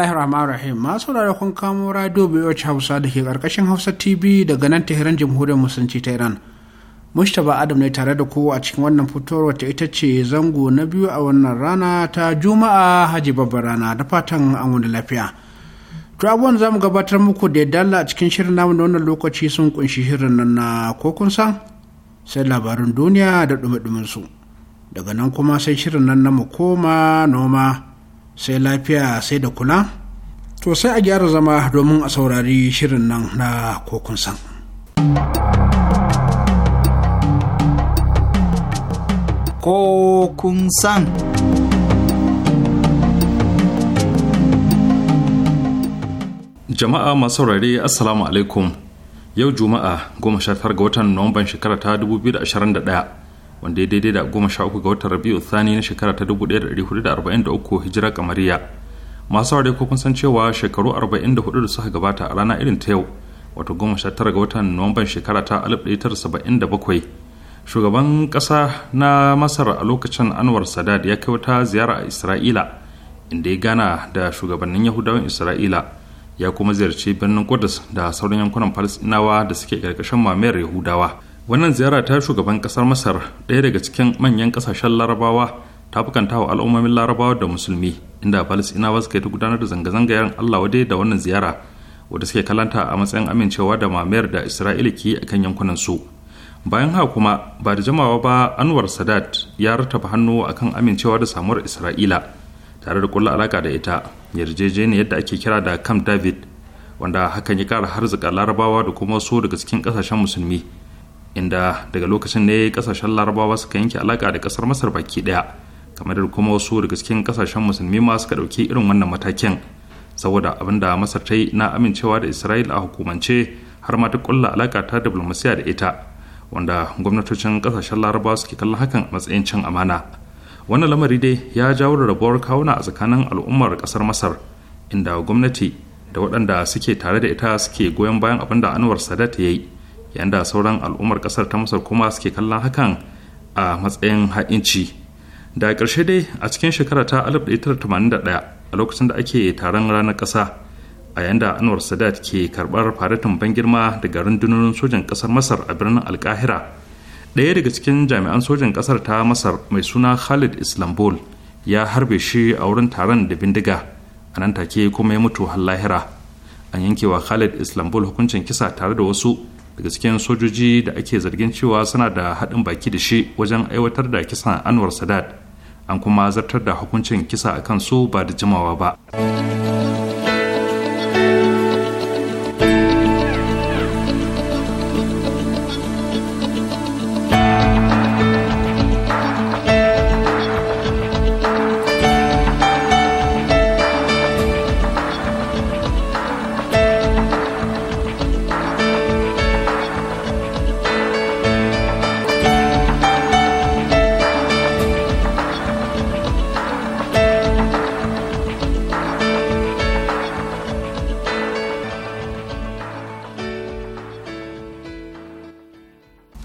bismillahir rahmanir rahim masu sauraron kun kamo radio BOH Hausa da ke karkashin Hausa TV daga nan Tehran Jamhuriyar Musulunci ta Iran. Mustapha Adam ne tare da ku a cikin wannan fitowar wata ita ce zango na biyu a wannan rana ta Juma'a Haji babbar rana da fatan an wani lafiya. To abubuwan za mu gabatar muku da dalla a cikin shirin namu da wannan lokaci sun kunshi shirin nan na ko kun san sai labarin duniya da dumi su. Daga nan kuma sai shirin nan na mu koma noma. sai lafiya sai da kula to sai a gyara zama domin a saurari shirin nan na kokun san kokun san jama'a masu saurari assalamu alaikum yau juma'a 19 ga watan nuwamban shekara ta 2021 wanda ya daidai da goma sha uku ga watan rabiu thani na shekara ta uku hijira kamariya masu ware ko kun san cewa shekaru 44 da suka gabata a rana irin ta yau wato goma sha tara ga watan nuwamban shekara ta bakwai shugaban ƙasa na masar a lokacin anwar sadad ya kai wata ziyara a isra'ila inda ya gana da shugabannin yahudawan isra'ila ya kuma ziyarci birnin kudus da sauran yankunan falasinawa da suke ƙarƙashin mamayar yahudawa wannan ziyara ta shugaban kasar masar ɗaya daga cikin manyan ƙasashen larabawa ta bukanta wa al'ummomin larabawa da musulmi inda ina suka yi ta gudanar da zanga-zanga yaran allah wade da wannan ziyara wadda suke kalanta a matsayin amincewa da mamayar da isra'ila ke a kan yankunan su bayan haka kuma ba da jimawa ba anwar sadat ya rattaba hannu akan amincewa da samuwar isra'ila tare da kulla alaka da ita yarjejeniyar da ake kira da camp david wanda hakan ya kara harzika larabawa da kuma wasu daga cikin kasashen musulmi inda daga lokacin ne kasashen larabawa suka yanke alaka da kasar masar baki daya kamar da kuma wasu daga cikin kasashen musulmi ma suka dauki irin wannan matakin saboda abin da masar ta yi na amincewa da isra'ila a hukumance har ma ta kulla alaka ta diplomasiya da ita wanda gwamnatocin kasashen larabawa suke kallon hakan a matsayin cin amana wannan lamari dai ya jawo da rabuwar kawuna a tsakanin al'ummar kasar masar inda gwamnati da waɗanda suke tare da ita suke goyon bayan abin da anwar sadat ya yi yanda sauran al'ummar kasar ta masar kuma suke kallon hakan a matsayin ha'inci da ƙarshe dai a cikin shekara ta 1981 a lokacin da ake taron ranar ƙasa a yanda anwar sadat ke karɓar faratin ban girma daga rundunonin sojan ƙasar masar a birnin alkahira ɗaya daga cikin jami'an sojan ƙasar ta masar mai suna khalid islambol ya harbe shi a wurin taron da bindiga a nan take kuma ya mutu har lahira an yankewa khalid islambol hukuncin kisa tare da wasu daga cikin sojoji da ake zargin cewa suna da haɗin baki da shi wajen aiwatar da kisan anwar sadat an kuma zartar da hukuncin kisa a kan su ba da jimawa ba.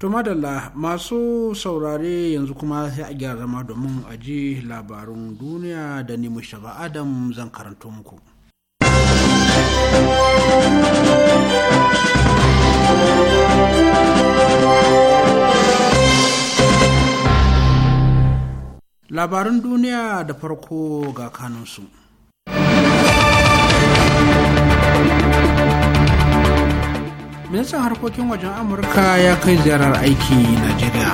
To madalla masu saurare yanzu kuma sai a gyara zama domin a ji labarun duniya da ni mushaba Adam zan karanto muku. Labarun duniya da farko ga kanunsu. majalisar harkokin wajen amurka ya kai ziyarar aiki najeriya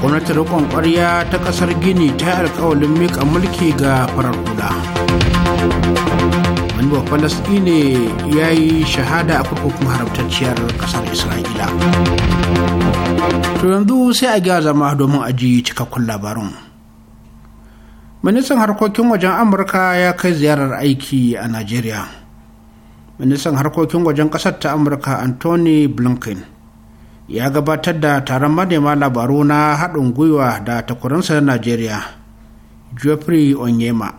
gwamnatin rikon kwarya ta kasar gini ta alkawalin mika mulki ga farar hula wani ba ne ya yi shahada a kurkukun haramtacciyar kasar isra'ila to yanzu sai a gya zama domin a ji cikakkun labarin ministan harkokin wajen amurka ya kai ziyarar aiki a najeriya ministan harkokin wajen ƙasar ta amurka anthony blinken ya gabatar da taron manema labaru na haɗin gwiwa da takwarinsa na najeriya geoffrey onyema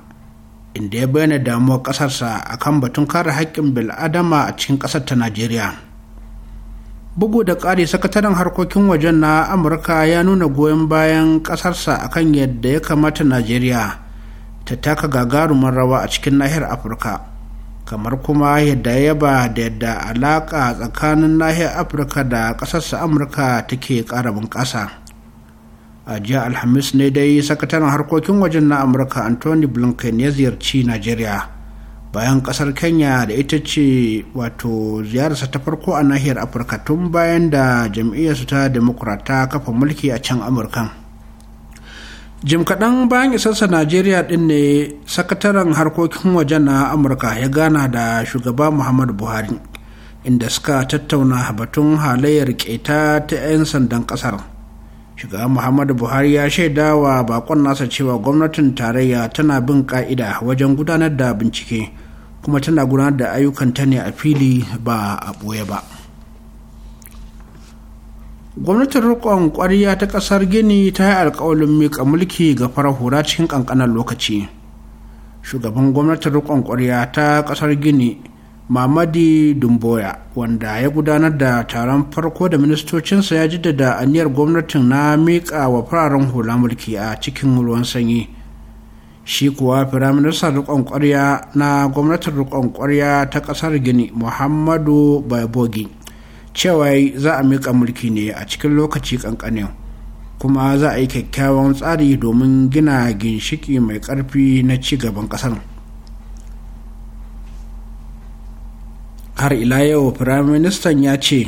inda ya bayyana damuwar ƙasarsa kan batun kare haƙƙin bil'adama a cikin ƙasar ta najeriya bugu da ƙari sakataren harkokin wajen na amurka ya nuna goyon bayan ƙasarsa akan yadda ya kamata najeriya ta taka gagarumin rawa a cikin nahiyar afirka kamar kuma yadda yaba da yadda alaƙa tsakanin nahiyar afirka da ƙasarsa amurka take ƙara bunƙasa a jiya alhamis ne dai sakataren harkokin wajen na amurka anthony blinken ya ziyarci nigeria bayan ƙasar kenya da ita ce wato ziyararsa ta farko a nahiyar afirka tun bayan da jam'iyyarsu ta democrat ta kafa mulki a can amurkan jim kaɗan bayan isarsa najeriya ɗin ne sakataren harkokin waje na amurka ya gana da shugaba muhammadu buhari inda suka tattauna batun halayyar keta ta 'yan sandan ƙasar shugaba muhammadu buhari ya shaida wa bakon nasa cewa gwamnatin tarayya tana bin ka'ida wajen gudanar da bincike kuma tana gudanar da ayyukanta ne a fili ba a ɓoye ba. gwamnatin rikon kwariya ta kasar gini ta yi alkawalin mika mulki ga farar hura cikin kankanan lokaci shugaban gwamnatin rikon kwariya ta kasar gini mamadi dumboya wanda ya gudanar da taron farko da ministocinsa ya jaddada aniyar gwamnatin na mika wa fararen hula mulki a cikin ruwan sanyi shi kuwa firaministan rikon kwarya na gwamnatin rikon ƙwarya ta kasar gini muhammadu baibogi cewa za a miƙa mulki ne a cikin lokaci kankanin, kuma za a yi kyakkyawan tsari domin gina ginshiki mai ƙarfi na ci gaban ƙasar har ila yau firaministan ya ce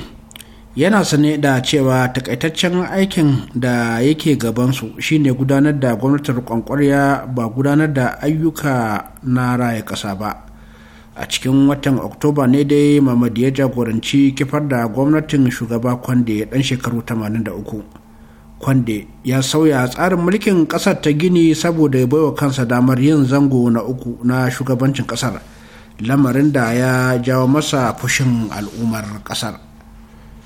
yana sane da cewa takaitaccen aikin da yake gabansu shine gudanar da gwamnatin kwankwariya ba gudanar da ayyuka na raye ƙasa ba a cikin watan oktoba ne dai mamadi ya jagoranci kifar da gwamnatin shugaba kwande dan shekaru 83 kwande ya sauya tsarin mulkin kasar ta gini saboda ya baiwa kansa damar yin zango na uku na shugabancin kasar lamarin da ya jawo masa fushin al'ummar kasar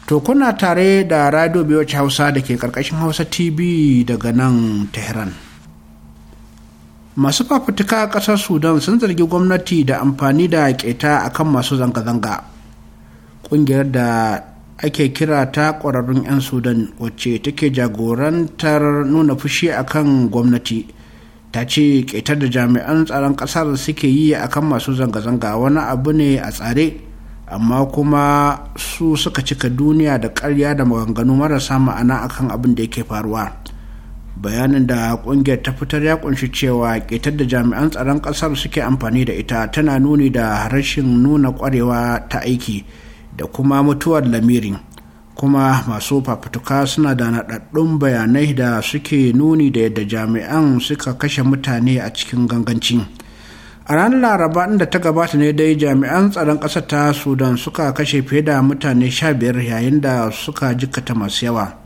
to kuna tare da radio biyu hausa da ke karkashin hausa tv daga nan tehran masu fafutuka a ƙasar sudan sun zargi gwamnati da amfani da keta akan masu zanga-zanga ƙungiyar da ake kira ta ƙwararrun 'yan sudan wacce take jagorantar nuna fushi a kan gwamnati ta ce ƙetar da jami'an tsaron ƙasar suke yi akan masu zanga-zanga wani abu ne a tsare amma kuma su suka cika duniya da ƙarya da maganganu marasa ma'ana akan abin da yake faruwa. bayanin da kungiyar ta fitar ya kunshi cewa ƙetar da jami'an tsaron ƙasar suke amfani da ita tana nuni da rashin nuna ƙwarewa ta aiki da kuma mutuwar lamirin kuma masu fafutuka suna da naɗaɗɗun bayanai da suke nuni da yadda jami'an suka kashe mutane a cikin ganganci a ranar laraba da ta gabata ne dai jami'an tsaron ƙasar ta sudan suka kashe fiye da mutane sha biyar yayin da suka jikata masu yawa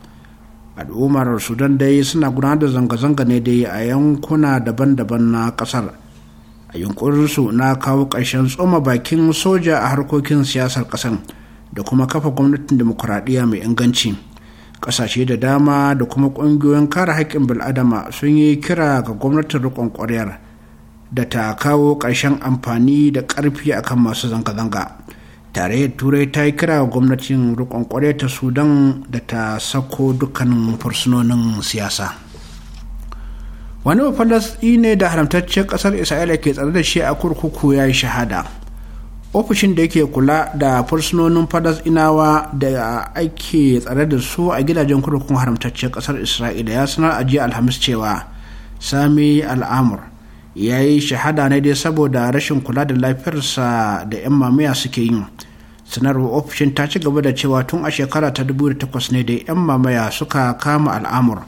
al'ummar sudan dai suna gudanar da zanga-zanga ne dai a yankuna daban-daban na kasar a yunkurinsu na kawo ƙarshen tsoma bakin soja a harkokin siyasar ƙasar da kuma kafa gwamnatin demokuraɗiyya mai inganci ƙasashe da dama da kuma ƙungiyoyin kare haƙƙin bil'adama sun yi kira ga gwamnatin riƙon ƙwaryar da ta kawo ƙarshen amfani da ƙarfi akan masu zanga-zanga tare turai ta yi kira gwamnatin rikon kwarai ta sudan da ta sako dukkanin fursunonin siyasa wani bafalasɗi ne da haramtaccen ƙasar isra'ila ke tsare da shi a kurkuku ya yi shahada ofishin da yake kula da fursunonin falasɗinawa da ake tsare da su a gidajen kurkukun haramtaccen ƙasar isra'ila ya sanar a jiya alhamis cewa sami al'amur ya yi shahada ne dai saboda rashin kula da lafiyarsa da 'yan mamaya suke yi sanarwar ofishin ta ci gaba da cewa tun a shekara ta dubu da takwas ne da 'yan mamaya suka kama al'amur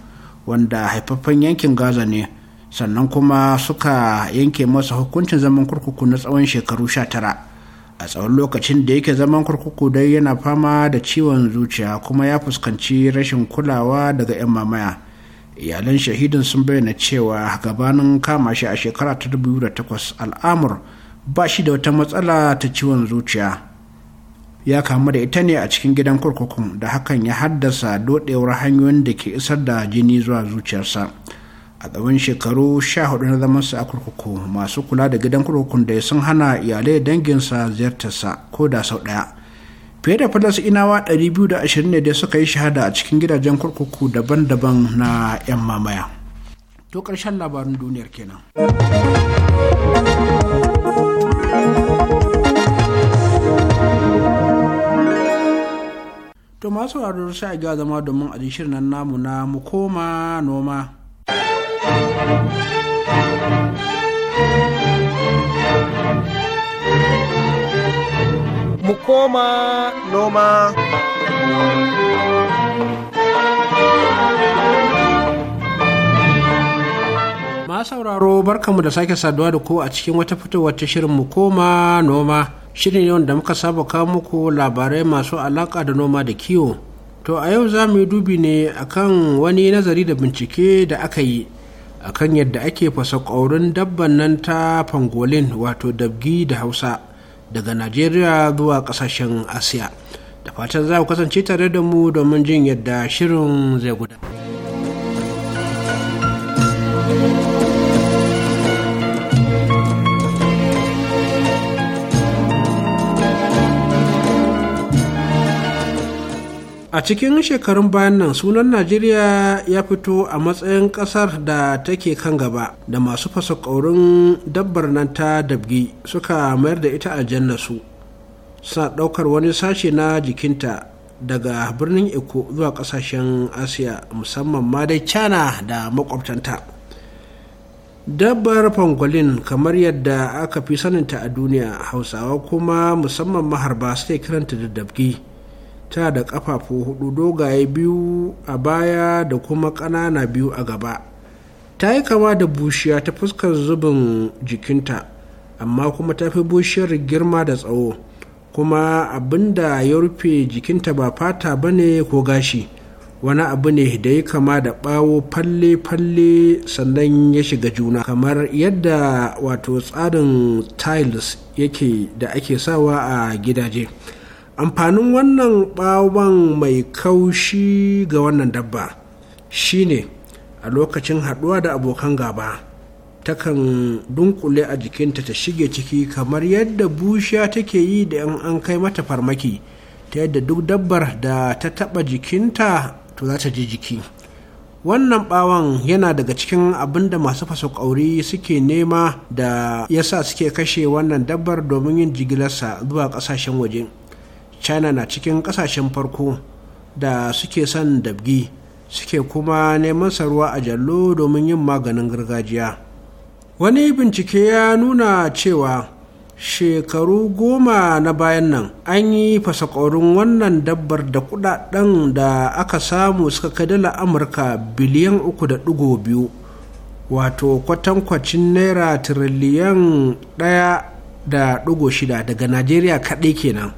wanda haifaffen yankin gaza ne sannan kuma suka yanke masa hukuncin zaman kurkuku na tsawon shekaru sha tara, a tsawon lokacin da yake zaman kurkuku dai yana fama da ciwon zuciya kuma ya fuskanci rashin kulawa daga 'yan mamaya. iyalan shahidin sun bayyana cewa gabanin kama shi a shekara ta takwas al'amur ba shi da wata matsala ta ciwon zuciya ya kamu da ita ne a cikin gidan kurkukun da hakan ya haddasa dodewar hanyoyin da ke isar da jini zuwa zuciyarsa a tsawon shekaru sha hudu na zaman sa a kurkuku masu kula da gidan kurkukun da ya sun hana iyalai danginsa ziyartarsa ko da sau ɗaya fiye da inawa 220 ne da suka yi shahada a cikin gidajen kurkuku daban-daban na 'yan mamaya to ƙarshen labarin duniyar kenan to masu wadar sai a ga zama domin a shirin nan namu na mu koma noma thank you mu koma noma. Ma sauraro barkanmu da sake saduwa da ku a cikin wata fitowar ta shirin mu koma noma. Shirin ne da muka saba kawo muku labarai masu alaka da noma da kiwo. To a yau za mu yi dubi ne akan wani nazari da bincike da aka yi akan yadda ake fasa ƙaurin dabban nan ta pangolin wato dabgi da hausa. daga najeriya zuwa kasashen asiya da fatan za ku kasance tare da mu domin jin yadda shirin zai gudana a cikin shekarun bayan nan sunan najeriya ya fito a matsayin kasar da take kan gaba da masu fasa ƙaurin dabbar nan ta dabgi suka mayar da ita aljanna su suna ɗaukar wani sashe na jikinta daga birnin eko zuwa ƙasashen asiya musamman ma dai china da makwabtanta dabbar pangolin kamar yadda aka fi saninta a duniya hausawa kuma musamman maharba suke kiranta da dabgi ta da ƙafafu hudu dogaye biyu a baya da kuma ƙanana biyu a gaba ta yi kama da bushiya ta fuskar zubin jikinta amma kuma ta fi bushiyar girma da tsawo kuma abin da ya rufe jikinta ba fata ba ne ko gashi wani abu ne da ya kama da ɓawo falle-falle sannan ya shiga juna kamar yadda wato tsarin tiles yake da ake sawa a gidaje. amfanin wannan ɓawon mai kaushi ga wannan dabba shine a lokacin haɗuwa da abokan gaba takan dunkule a jikinta ta shige ciki kamar yadda bushiya take yi da 'yan an kai mata farmaki ta yadda duk dabbar da ta taɓa jikinta to za ta ji jiki wannan bawan yana daga cikin abin da masu fasa ƙauri suke nema da yasa suke kashe wannan dabbar domin yin jigilarsa zuwa ƙasashen waje. china na cikin kasashen farko da suke son dabgi suke kuma neman saruwa a jallo domin yin maganin gargajiya wani bincike ya nuna cewa shekaru goma na bayan nan an yi fasakorin wannan dabbar da kudaden da aka samu suka kai dala amurka biliyan uku da dugo biyu wato kwatankwacin naira tiriliyan ɗaya da shida daga najeriya kaɗai kenan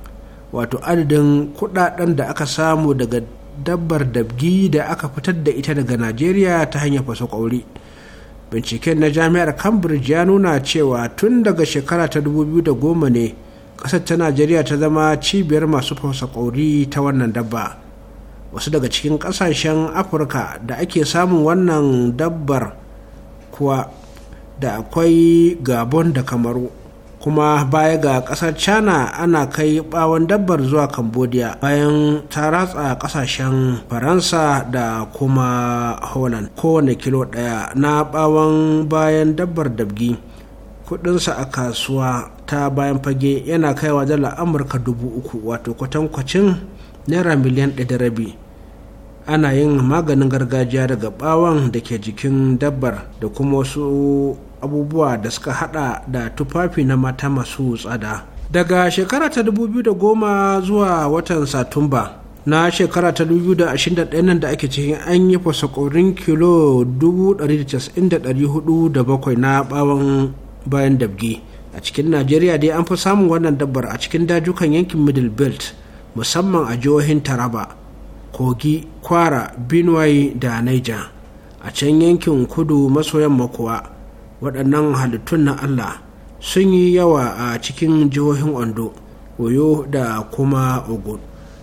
wato adadin kudaden da aka samu daga dabbar dabgi da aka fitar da ita daga najeriya ta hanyar faso-kauri binciken na jami'ar cambridge ya nuna cewa tun daga shekara ta 2010 ne ƙasar ta najeriya ta zama cibiyar masu fasa kwauri ta wannan dabba wasu daga cikin ƙasashen afirka da ake samun wannan dabbar kuwa da akwai gabon da kamaru kuma baya ga kasar china ana kai bawon dabbar zuwa cambodia bayan ta ratsa kasashen faransa da kuma holland kowane kilo daya na bawon bayan dabbar dabgi kudinsa a kasuwa ta bayan fage yana kaiwa dala amurka dubu uku wato kwatankwacin naira miliyan ɗaya rabi ana yin maganin gargajiya daga bawon da ke jikin dabbar da kuma wasu abubuwa da suka hada da tufafi na mata masu tsada daga shekara ta 2010 zuwa watan satumba na shekara ta 2021 nan da ake cikin an yi fasakorin kilo 1,497 na bawan bayan dabge a cikin najeriya dai an fi samun wannan dabbar a cikin dajukan yankin middle belt musamman a jihohin taraba kogi kwara benue da niger a can yankin kudu maso yamma kuwa waɗannan halittun na allah sun yi yawa a cikin jihohin ondo oyo da kuma ogun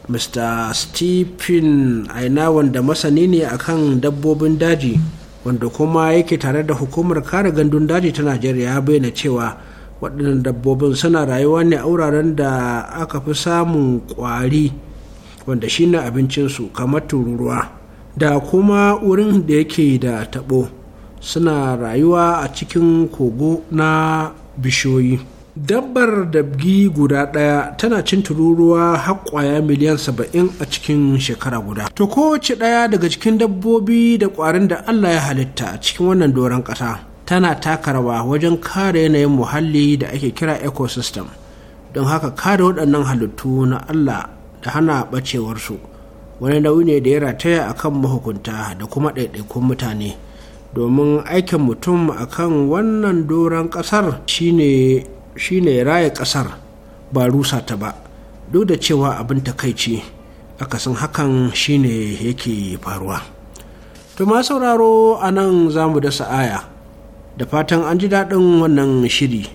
mr stephen aina wanda masani ne akan dabbobin daji wanda kuma yake tare da hukumar kare gandun daji ta najeriya ya bayyana cewa waɗannan dabbobin suna rayuwa ne a wuraren da aka fi samun ƙwari wanda shine abincinsu kamar tururuwa da kuma wurin da yake da taɓo suna rayuwa a cikin kogo na bishiyoyi dabbar dabgi guda ɗaya tana cin tururuwa har ƙwaya miliyan saba'in a cikin shekara guda to kowace ɗaya daga cikin dabbobi da ƙwarin da allah ya halitta a cikin wannan doron ƙasa tana taka rawa wajen kare yanayin muhalli da ake kira ecosystem don haka kare waɗannan halittu na allah da hana ɓacewarsu wani nauyi ne da ya rataya akan mahukunta da kuma ɗaiɗaikun mutane domin aikin mutum a kan wannan doron ƙasar shine raya ƙasar ba rusa ta ba duk da cewa abin takaici akasin hakan shine yake faruwa to ma sauraro a nan za mu dasa aya da fatan an ji daɗin wannan shiri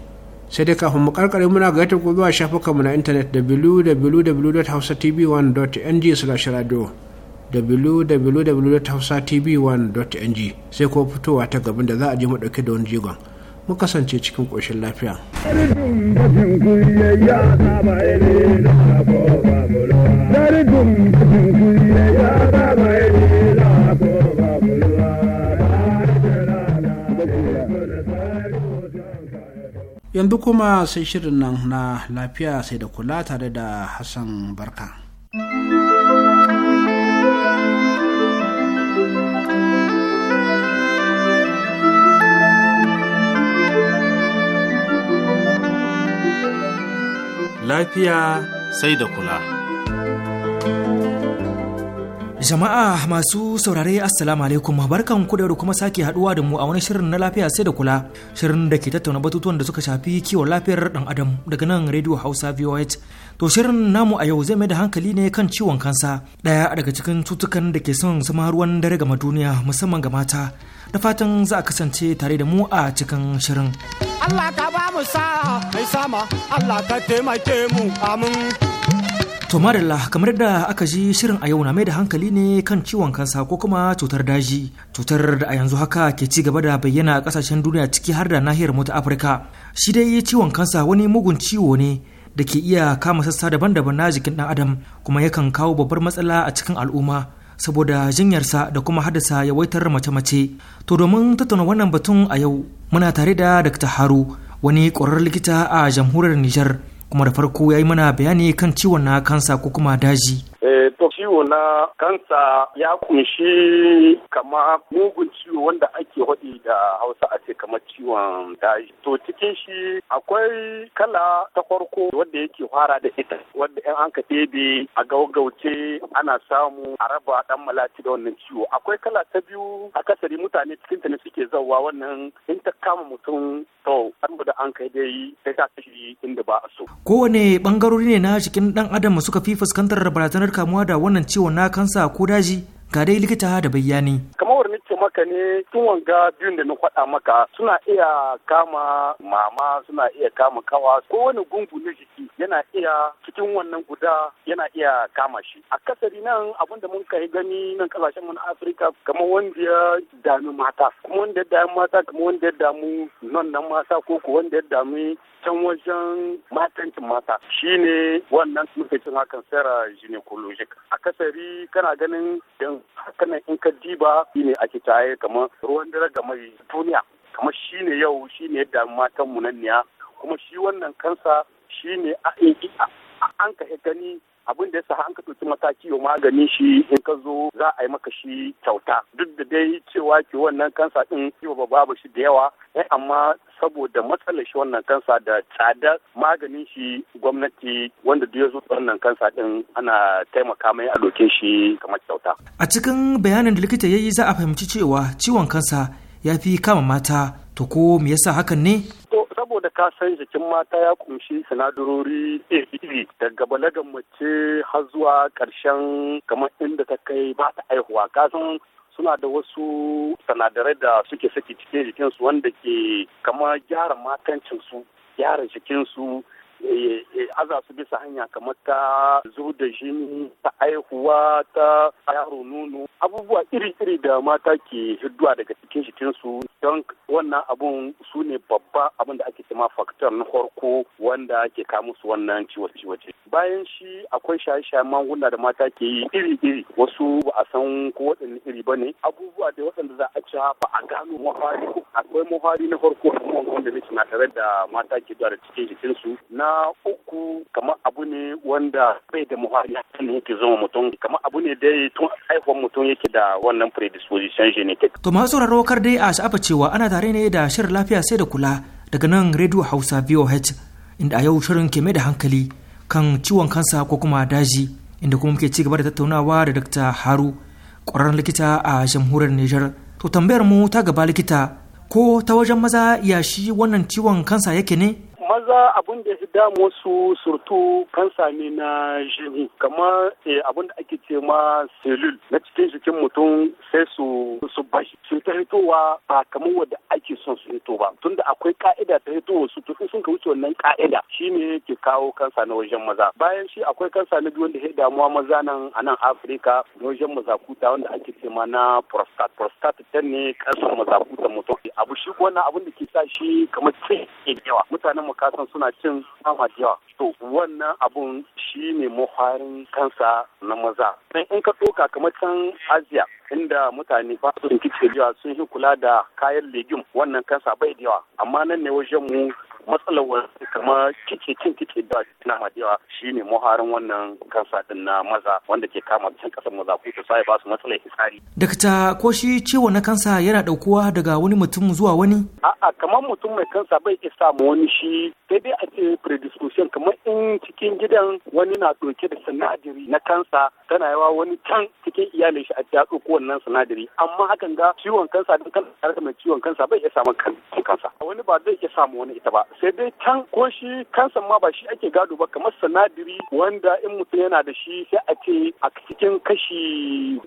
sai dai kafin mu karkare muna ga yata gobe a shafukanmu na intanet www.hausatv1.ng/radio www.hausatv1.ng sai kuma fitowa ta gaban da za a je mu dauke da wani jigon mu kasance cikin ƙoshin lafiya. Yanzu kuma sai shirin nan na lafiya sai da kula tare da Hassan Barka. lafiya sai da kula. Jama'a masu saurare Assalamu alaikum barkan ku da kuma sake haduwa da mu a wani shirin na lafiya sai da kula shirin da ke tattauna batutuwan da suka shafi kiwon lafiyar dan adam daga nan Radio Hausa VOH to shirin namu a yau zai mai da hankali ne kan ciwon kansa daya daga cikin cutukan da ke son zama ruwan dare ga duniya musamman ga mata da fatan za a kasance tare da mu a cikin shirin. Allah ka ba mu sa mai sama Allah ka taimake mu amin. To Marilla kamar da aka ji shirin a yau na mai da hankali ne kan ciwon kansa ko kuma cutar daji cutar da a yanzu haka ke ci gaba da bayyana a kasashen duniya ciki har da nahiyar mu ta Afirka. Shi dai ciwon kansa wani mugun ciwo ne da ke iya kama sassa daban-daban na jikin ɗan adam kuma yakan kawo babbar matsala a cikin al'umma saboda jinyarsa da kuma haddasa yawaitar mace-mace. To domin tattauna wannan batun a yau muna tare da Dr. Haru wani ƙwararren likita a jamhuriyar Nijar kuma da farko ya yi mana bayani kan ciwon na kansa ko kuma daji. Eh, ciwo na kansa ya kunshi kama mugun ciwo wanda ake waɗi da hausa a ce ciwon daji to cikin shi akwai kala ta farko wadda yake fara da ita wadda yan an ka ɗebe a gaugauce ana samu a raba dan malati da wannan ciwo akwai kala ta biyu akasari mutane cikin ta ne suke zauwa wannan in ta kama mutum to da an kai dai sai ta kashi inda ba a so kowane bangarori ne na cikin dan adam suka fi fuskantar barazanar kamuwa da wannan ciwon na kansa ko daji ga dai likita da bayani haka ne tun wanga biyun da na faɗa maka suna iya kama mama suna iya kama kawa ko wani gungu na jiki yana iya cikin wannan guda yana iya kama shi a kasari nan abin da mun kai gani nan kasashen mun na afirka kamar wanda ya dami mata kuma wanda ya dami mata kamar wanda ya damu nan nan mata ko ko wanda ya dami can wajen matancin mata shine wannan muke cin hakan sera gynecologic kasari kana ganin yanzu hakanan in ka diba shine ake ta ya kama ruwan dare ga mai duniya kama shi ne yau shi ne yadda matan mu nan kuma shi wannan kansa shi ne an ka gani abin da ya sa an ka ɗauki mataki wa magani shi in ka zo za a yi maka shi kyauta duk da dai cewa ke wannan kansa ɗin kiwo babu shi da yawa eh, amma saboda matsalar shi wannan kansa da tsada maganin shi gwamnati wanda duk ya zo wannan kansa ɗin ana taimaka mai a doke shi kamar kyauta. A cikin bayanin da likita ya yi za a fahimci cewa ciwon kansa ya fi kama mata to ko me yasa hakan ne? To saboda ka san jikin mata ya kunshi sinadarori iri daga balagan mace har zuwa ƙarshen kamar inda ta kai ba ta aihuwa ka san suna da wasu sinadarai da suke saki cikin jikinsu wanda ke kamar gyara matancinsu gyara jikinsu aza su bisa hanya kamar ta zub da jini ta aihuwa ta yaro nono abubuwa iri-iri da mata ke hidduwa daga cikin su don wannan abun su ne babba abin da ake cema faktor na farko wanda ke kawo musu wannan ciwace bayan shi akwai shaye shaye magunguna da mata ke yi iri-iri wasu ba a san ko waɗanne iri ba ne abubuwa da waɗanda za a ci ba a gano mafari akwai mafari na farko wanda tare da mata ke da cikin jikinsu na uku kama abu ne wanda bai da muhalli ne yake zama mutum kama abu ne dai tun haihuwar mutum yake da wannan predisposition genetic to masu sauraro kar dai a sha'afa cewa ana tare ne da shirin lafiya sai da kula daga nan radio hausa voh inda a yau shirin ke mai da hankali kan ciwon kansa ko kuma daji inda kuma muke ci gaba da tattaunawa da dr haru ƙwararren likita a jamhuriyar nijar to tambayar mu ta gaba likita ko ta wajen maza yashi wannan ciwon kansa yake ne maza abin da ya damu su surtu kansa ne na jini kamar eh, abin da ake ce ma selul na cikin jikin mutum sai su su bashi su ta hitowa ba kamar wadda ake son su hito ba tunda akwai ka'ida ta hitowa su tun sun ka wuce wannan ka'ida shine ke kawo kansa na wajen maza bayan shi akwai kansa na biyu wanda ya damuwa maza nan a nan Afirka wajen mazakuta wanda ake ce ma na prostat prostat ta ne kansa mazakuta mutum abu shi wannan abin da ke sa shi kamar sai yawa mutanen mu kasan suna cin sama da yawa to wannan abun shi ne muharin kansa na maza in ka tsoka kamar can asiya inda mutane ba su rinkice da sun yi kula da kayan legume wannan kansa bai da yawa amma nan ne wajen mu matsalar wasu kama kike cin kike da kina hadewa shine muharin wannan kansa din na maza wanda ke kama cin kasar maza ko sai ba su matsalar fitsari dakta ko shi ciwo na kansa yana daukuwa daga wani mutum zuwa wani a'a kamar mutum mai kansa bai iya samu wani shi sai dai a ce predisposition kamar in cikin gidan wani na ɗauke da sinadari na kansa tana yawa wani can cikin iyalin shi a ya ɗauko wannan sinadari amma hakan ga ciwon kansa din kan mai ciwon kansa bai iya samu kansa wani ba zai iya samu wani ita ba sai dai can ko shi kansan ma ba shi ake gado ba kamar sanadiri wanda in mutum yana da shi sai a ce a cikin kashi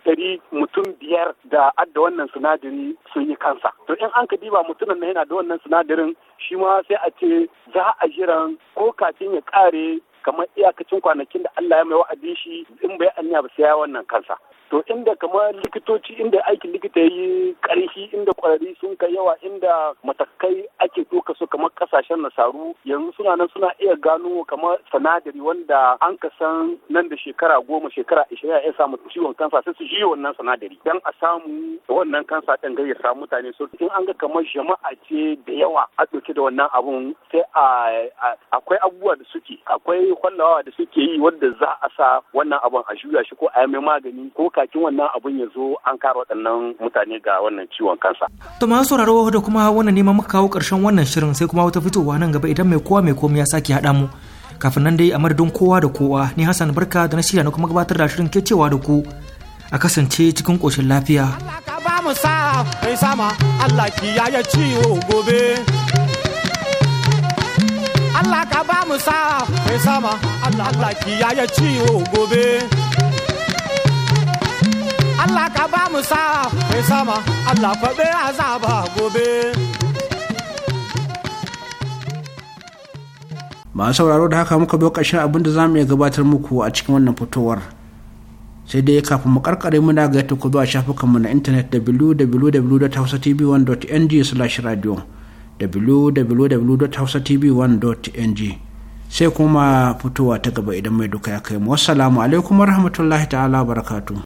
dari mutum biyar da adda wannan sinadari sun yi kansa to in an ka diba mutumin na yana da wannan sinadarin shi ma sai a ce za a jiran ko kafin ya kare kamar iyakacin kwanakin da Allah ya mai wa'adin shi in bai anya ba sai ya wannan kansa to inda kamar likitoci inda aikin likita yi karfi inda kwararri sun kai yawa inda matakai ake doka su kamar kasashen nasaru yanzu suna nan suna iya gano kamar sanadari wanda an ka san nan da shekara goma shekara ishirin ya samu ciwon kansa sai su ji wannan sanadari dan a samu wannan kansa din ga ya samu mutane so in an ga kamar jama'a ce da yawa a dauke da wannan abun sai a akwai abubuwa da suke akwai irin kwallawa da suke yi wadda za a sa wannan abun a juya shi ko a mai magani ko kakin wannan abun ya zo an kare waɗannan mutane ga wannan ciwon kansa. To masu sauraro da kuma wannan neman muka kawo ƙarshen wannan shirin sai kuma wata fitowa nan gaba idan mai kowa mai komai ya sake haɗa mu. Kafin nan dai a madadin kowa da kowa ni Hassan Barka da na shirya na kuma gabatar da shirin ke cewa da ku a kasance cikin ƙoshin lafiya. Allah ka ba mu sa mai sama Allah ki ciwo gobe. Allah ka ba mu sa mai sama Allah Allah kiyaye ciwo gobe Allah ka ba mu sa mai sama Allah be azaba gobe masu sauraro da haka muka biyo ƙarshen abin da za mu iya gabatar muku a cikin wannan fitowar sai dai kafin mu karkare muna ga yadda ku zuwa shafukanmu na intanet www.hausatv1.ng/radio www.hausatv1.ng sai kuma fitowa ta gaba idan mai duka ya kai mu wassalamu alaikum warahmatullahi ta'ala barakatu